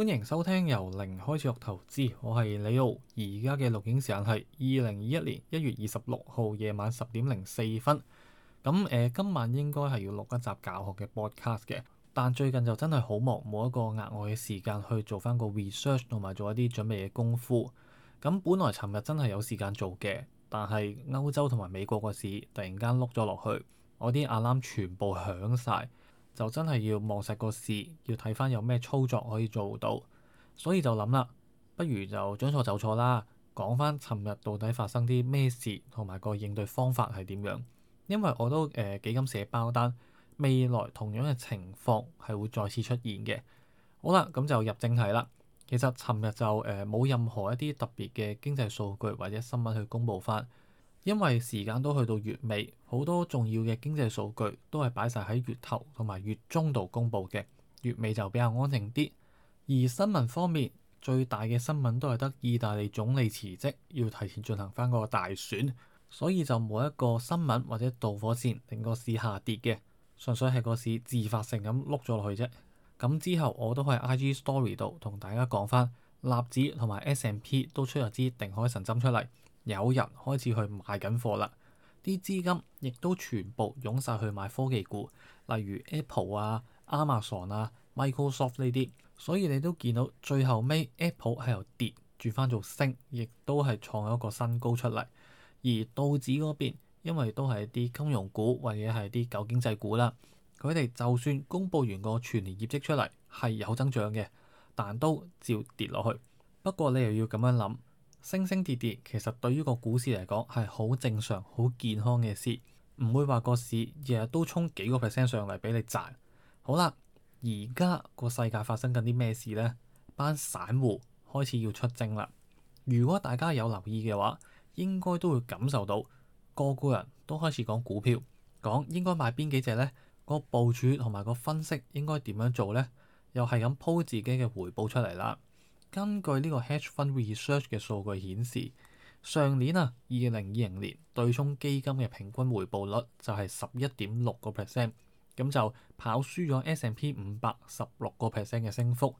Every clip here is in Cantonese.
歡迎收聽由零開始學投資，我係李奧，而家嘅錄影時間係二零二一年一月二十六號夜晚十點零四分。咁誒、呃，今晚應該係要錄一集教學嘅 broadcast 嘅，但最近就真係好忙，冇一個額外嘅時間去做翻個 research 同埋做一啲準備嘅功夫。咁本來尋日真係有時間做嘅，但係歐洲同埋美國個市突然間碌咗落去，我啲 alarm 全部響晒。就真係要望實個市，要睇翻有咩操作可以做到，所以就諗啦，不如就將錯就錯啦，講翻尋日到底發生啲咩事，同埋個應對方法係點樣，因為我都誒幾敢寫包單，未來同樣嘅情況係會再次出現嘅。好啦，咁就入正題啦。其實尋日就誒冇、呃、任何一啲特別嘅經濟數據或者新聞去公布翻。因為時間都去到月尾，好多重要嘅經濟數據都係擺晒喺月頭同埋月中度公布嘅，月尾就比較安靜啲。而新聞方面，最大嘅新聞都係得意大利總理辭職，要提前進行翻個大選，所以就冇一個新聞或者導火線令個市下跌嘅，純粹係個市自發性咁碌咗落去啫。咁之後我都喺 I G Story 度同大家講翻，納指同埋 S&P 都出咗支定海神針出嚟。有人開始去買緊貨啦，啲資金亦都全部湧晒去買科技股，例如 Apple 啊、Amazon 啊、Microsoft 呢啲，所以你都見到最後尾 Apple 係由跌轉翻做升，亦都係創咗個新高出嚟。而道指嗰邊，因為都係啲金融股或者係啲舊經濟股啦，佢哋就算公布完個全年業績出嚟係有增長嘅，但都照跌落去。不過你又要咁樣諗。升升跌跌，其實對於個股市嚟講係好正常、好健康嘅事，唔會話個市日日都衝幾個 percent 上嚟俾你賺。好啦，而家個世界發生緊啲咩事呢？班散戶開始要出征啦。如果大家有留意嘅話，應該都會感受到個個人都開始講股票，講應該買邊幾隻呢？個部署同埋個分析應該點樣做呢？又係咁 po 自己嘅回報出嚟啦。根據呢個 Hedge Fund Research 嘅數據顯示，上年啊，二零二零年對沖基金嘅平均回報率就係十一點六個 percent，咁就跑輸咗 S&P 五百十六個 percent 嘅升幅。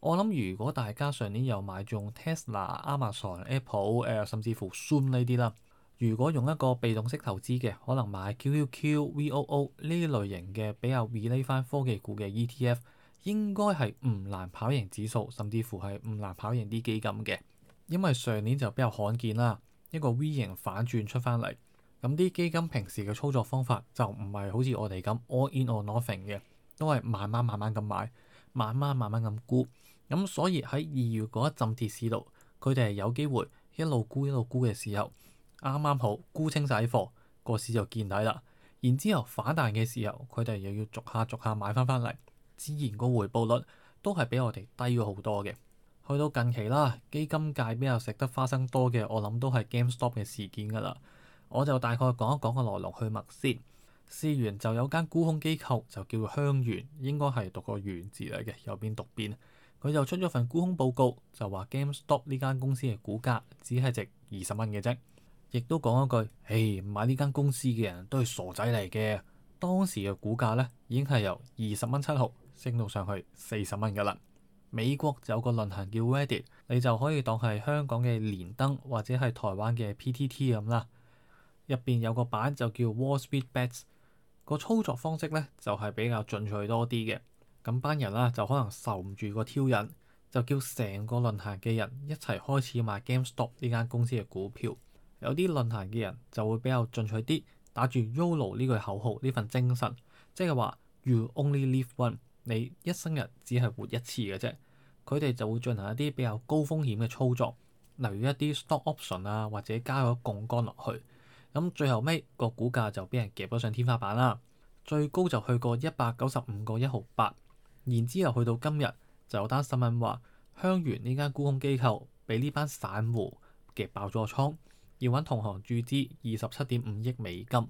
我諗如果大家上年有買中 Tesla、Amazon、Apple 誒、呃，甚至乎 Zoom 呢啲啦，如果用一個被動式投資嘅，可能買 QQQ、VOO 呢類型嘅比較 relate 翻科技股嘅 ETF。應該係唔難跑贏指數，甚至乎係唔難跑贏啲基金嘅，因為上年就比較罕見啦。一個 V 型反轉出翻嚟，咁啲基金平時嘅操作方法就唔係好似我哋咁 all in all nothing 嘅，都係慢慢慢慢咁買，慢慢慢慢咁沽。咁所以喺二月嗰一浸跌市度，佢哋係有機會一路沽一路沽嘅時候，啱啱好沽清晒啲貨，個市就見底啦。然之後反彈嘅時候，佢哋又要逐下逐下買翻翻嚟。自然個回報率都係比我哋低咗好多嘅。去到近期啦，基金界邊有食得花生多嘅，我諗都係 GameStop 嘅事件㗎啦。我就大概講一講個來龍去脈先。試完就有間沽空機構就叫香源，應該係讀個源字嚟嘅，有邊讀邊。佢就出咗份沽空報告，就話 GameStop 呢間公司嘅股價只係值二十蚊嘅啫。亦都講一句，誒買呢間公司嘅人都係傻仔嚟嘅。當時嘅股價咧已經係由二十蚊七毫。升到上去四十蚊噶啦。美國有就個論壇叫 Reddit 你就可以當係香港嘅連登或者係台灣嘅 P.T.T. 咁啦。入邊有個版就叫 Wall Street Bets，個操作方式咧就係、是、比較進取多啲嘅。咁班人啦就可能受唔住個挑釁，就叫成個論壇嘅人一齊開始買 GameStop 呢間公司嘅股票。有啲論壇嘅人就會比較進取啲，打住 Yolo 呢句口號呢份精神，即係話 You Only Live Once 你一生日只係活一次嘅啫，佢哋就會進行一啲比較高風險嘅操作，例如一啲 stock option 啊，或者加咗槓桿落去，咁最後尾個股價就俾人夾咗上天花板啦，最高就去過一百九十五個一毫八，然之後去到今日就有單新聞話，香櫞呢間沽空機構俾呢班散戶夾爆咗個倉，要揾同行注資二十七點五億美金，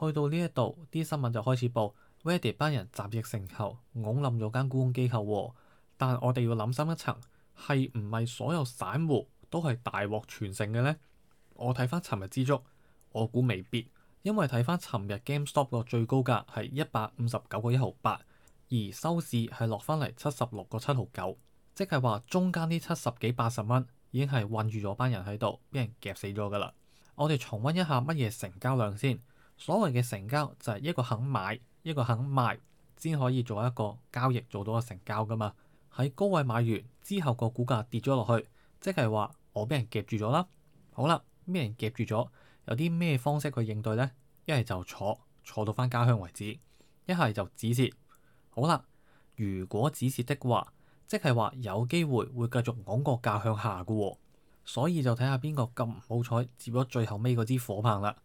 去到呢一度啲新聞就開始報。Reddit 班人集腋成裘，拱冧咗間沽空機構，但我哋要諗深一層，係唔係所有散戶都係大獲全勝嘅呢？我睇翻尋日之足，我估未必，因為睇翻尋日 GameStop 個最高價係一百五十九個一毫八，而收市係落翻嚟七十六個七毫九，即係話中間呢七十幾八十蚊已經係困住咗班人喺度，俾人夾死咗噶啦。我哋重溫一下乜嘢成交量先，所謂嘅成交就係一個肯買。一個肯賣先可以做一個交易做到個成交噶嘛？喺高位買完之後個股價跌咗落去，即係話我俾人夾住咗啦。好啦，咩人夾住咗？有啲咩方式去應對呢？一係就坐，坐到返家鄉為止；一係就止蝕。好啦，如果止蝕嘅話，即係話有機會會繼續往個價向下噶，所以就睇下邊個咁唔好彩接咗最後尾嗰支火棒啦。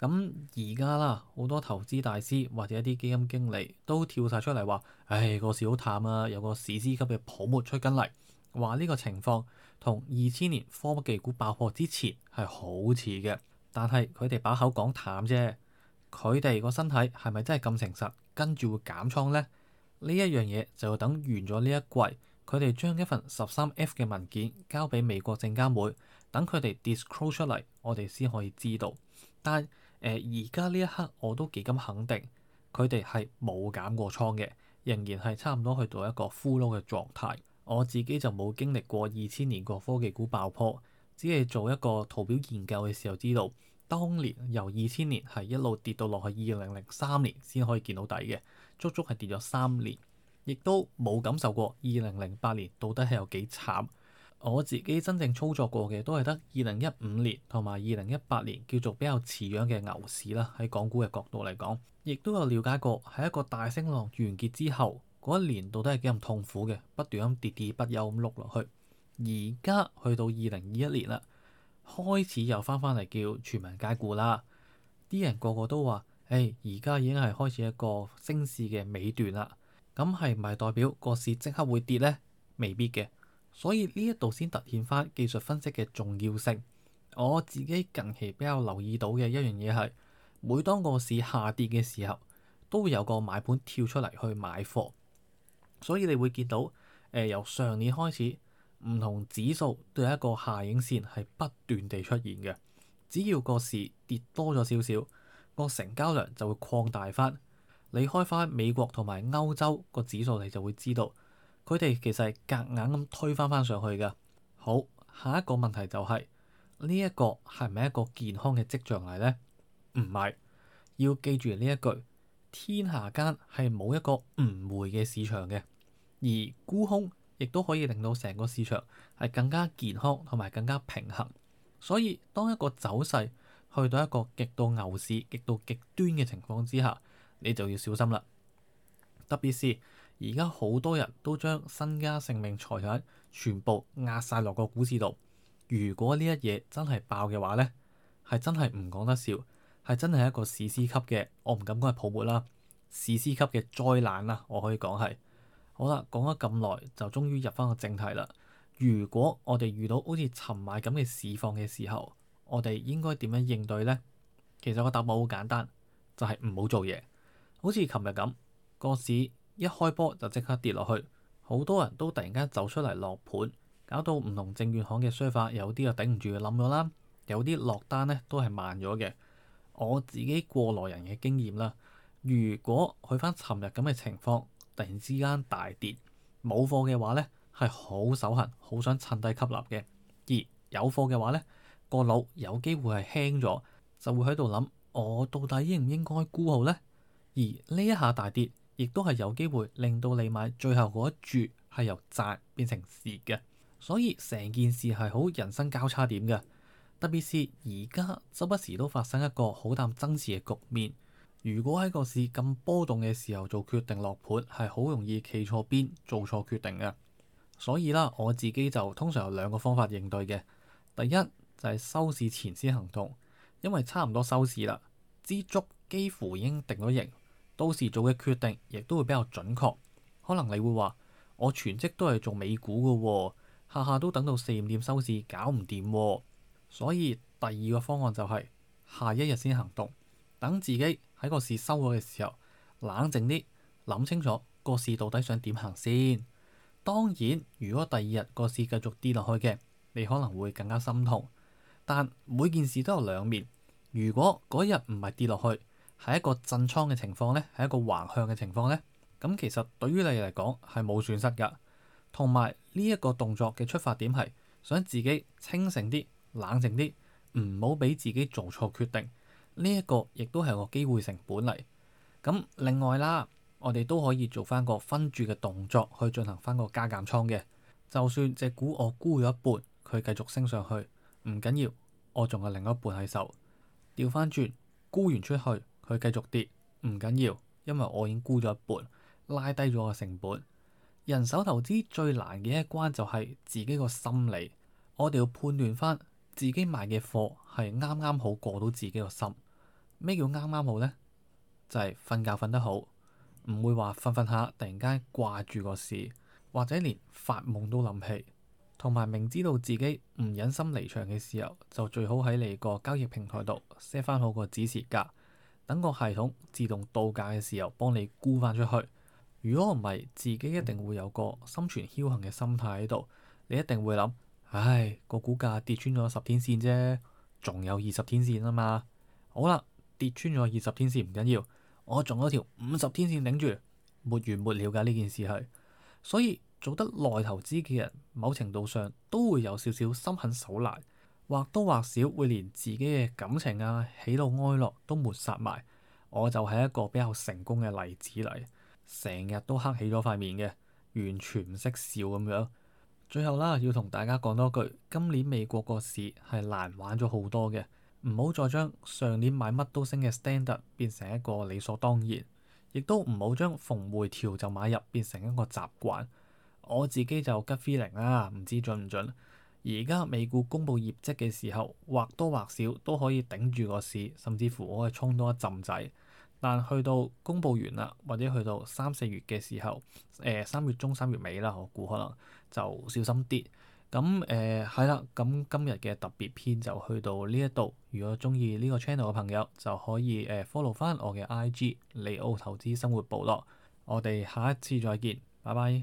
咁而家啦，好多投資大師或者一啲基金經理都跳晒出嚟話，唉，個市好淡啊！有個史詩級嘅泡沫出緊嚟，話呢個情況同二千年科技股爆破之前係好似嘅。但係佢哋把口講淡啫，佢哋個身體係咪真係咁誠實？跟住會減倉呢？呢一樣嘢就要等完咗呢一季，佢哋將一份十三 F 嘅文件交俾美國證監會，等佢哋 disclose 出嚟，我哋先可以知道。但係，而家呢一刻我都幾咁肯定，佢哋係冇減過倉嘅，仍然係差唔多去到一個 full load 嘅狀態。我自己就冇經歷過二千年個科技股爆破，只係做一個圖表研究嘅時候知道，當年由二千年係一路跌到落去二零零三年先可以見到底嘅，足足係跌咗三年，亦都冇感受過二零零八年到底係有幾慘。我自己真正操作過嘅都係得二零一五年同埋二零一八年叫做比較似樣嘅牛市啦，喺港股嘅角度嚟講，亦都有了解過，喺一個大升浪完結之後嗰一年，到底係幾咁痛苦嘅，不斷咁跌跌不休，咁碌落去。而家去到二零二一年啦，開始又翻翻嚟叫全民皆股啦，啲人個個都話，誒、哎，而家已經係開始一個升市嘅尾段啦，咁係唔係代表個市即刻會跌咧？未必嘅。所以呢一度先突顯翻技術分析嘅重要性。我自己近期比較留意到嘅一樣嘢係，每當個市下跌嘅時候，都會有個買盤跳出嚟去買貨。所以你會見到，誒、呃、由上年開始，唔同指數都有一個下影線係不斷地出現嘅。只要個市跌多咗少少，個成交量就會擴大翻。你開翻美國同埋歐洲個指數，你就會知道。佢哋其實係夾硬咁推返返上去嘅。好，下一個問題就係呢一個係咪一個健康嘅跡象嚟呢？唔係，要記住呢一句：天下間係冇一個唔會嘅市場嘅。而沽空亦都可以令到成個市場係更加健康同埋更加平衡。所以當一個走勢去到一個極度牛市、極度極端嘅情況之下，你就要小心啦。特別是。而家好多人都將身家性命財產全部押晒落個股市度。如果呢一嘢真係爆嘅話呢，係真係唔講得笑，係真係一個史詩級嘅。我唔敢講係泡沫啦，史詩級嘅災難啦，我可以講係。好啦，講咗咁耐就終於入翻個正題啦。如果我哋遇到好似尋晚咁嘅市況嘅時候，我哋應該點樣應對呢？其實個答案好簡單，就係唔好做嘢。好似琴日咁，個市。一開波就即刻跌落去，好多人都突然間走出嚟落盤，搞到唔同證券行嘅伺服器，有啲就頂唔住冧咗啦，有啲落單咧都係慢咗嘅。我自己過來人嘅經驗啦，如果去返尋日咁嘅情況，突然之間大跌，冇貨嘅話咧係好手痕，好想趁低吸納嘅；而有貨嘅話咧，個腦有機會係輕咗，就會喺度諗我到底應唔應該沽好咧？而呢一下大跌。亦都係有機會令到你買最後嗰一注係由賺變成蝕嘅，所以成件事係好人生交叉點嘅。特別係而家周不時都發生一個好淡爭持嘅局面。如果喺個市咁波動嘅時候做決定落盤，係好容易企錯邊做錯決定嘅。所以啦，我自己就通常有兩個方法應對嘅。第一就係收市前先行動，因為差唔多收市啦，支足幾乎已經定咗型。到時做嘅決定亦都會比較準確。可能你會話：我全職都係做美股㗎喎，下下都等到四五點收市，搞唔掂喎。所以第二個方案就係：下一日先行動，等自己喺個市收咗嘅時候冷靜啲，諗清楚個市到底想點行先。當然，如果第二日個市繼續跌落去嘅，你可能會更加心痛。但每件事都有兩面，如果嗰日唔係跌落去，係一個震倉嘅情況咧，係一個橫向嘅情況咧。咁其實對於你嚟講係冇損失噶，同埋呢一個動作嘅出發點係想自己清醒啲、冷靜啲，唔好俾自己做錯決定。呢、這、一個亦都係個機會成本嚟。咁另外啦，我哋都可以做翻個分注嘅動作去進行翻個加減倉嘅。就算隻股我沽咗一半，佢繼續升上去，唔緊要，我仲有另一半喺手調翻轉沽完出去。佢繼續跌唔緊要，因為我已經沽咗一半，拉低咗個成本。人手投資最難嘅一關就係自己個心理。我哋要判斷翻自己賣嘅貨係啱啱好過到自己個心。咩叫啱啱好呢？就係瞓覺瞓得好，唔會話瞓瞓下突然間掛住個事，或者連發夢都諗起。同埋明知道自己唔忍心離場嘅時候，就最好喺你個交易平台度 set 翻好個止蝕價。等個系統自動到價嘅時候，幫你沽翻出去。如果唔係，自己一定會有個存幸心存僥倖嘅心態喺度。你一定會諗，唉，個股價跌穿咗十天線啫，仲有二十天線啊嘛。好啦，跌穿咗二十天線唔緊要緊，我仲有條五十天線頂住，沒完沒了㗎呢件事係。所以做得耐投資嘅人，某程度上都會有少少心狠手辣。或多或少會連自己嘅感情啊、喜怒哀樂都抹殺埋。我就係一個比較成功嘅例子嚟，成日都黑起咗塊面嘅，完全唔識笑咁樣。最後啦，要同大家講多句，今年美國個市係難玩咗好多嘅，唔好再將上年買乜都升嘅 standard 變成一個理所當然，亦都唔好將逢回調就買入變成一個習慣。我自己就 gut feeling 啦，唔知準唔準。而家美股公布業績嘅時候，或多或少都可以頂住個市，甚至乎我可以衝多一陣仔。但去到公布完啦，或者去到三四月嘅時候，誒、呃、三月中、三月尾啦，我估可能就小心啲。咁誒係啦，咁、呃、今日嘅特別篇就去到呢一度。如果中意呢個 channel 嘅朋友，就可以誒 follow 翻我嘅 I G 利奧投資生活部落。我哋下一次再見，拜拜。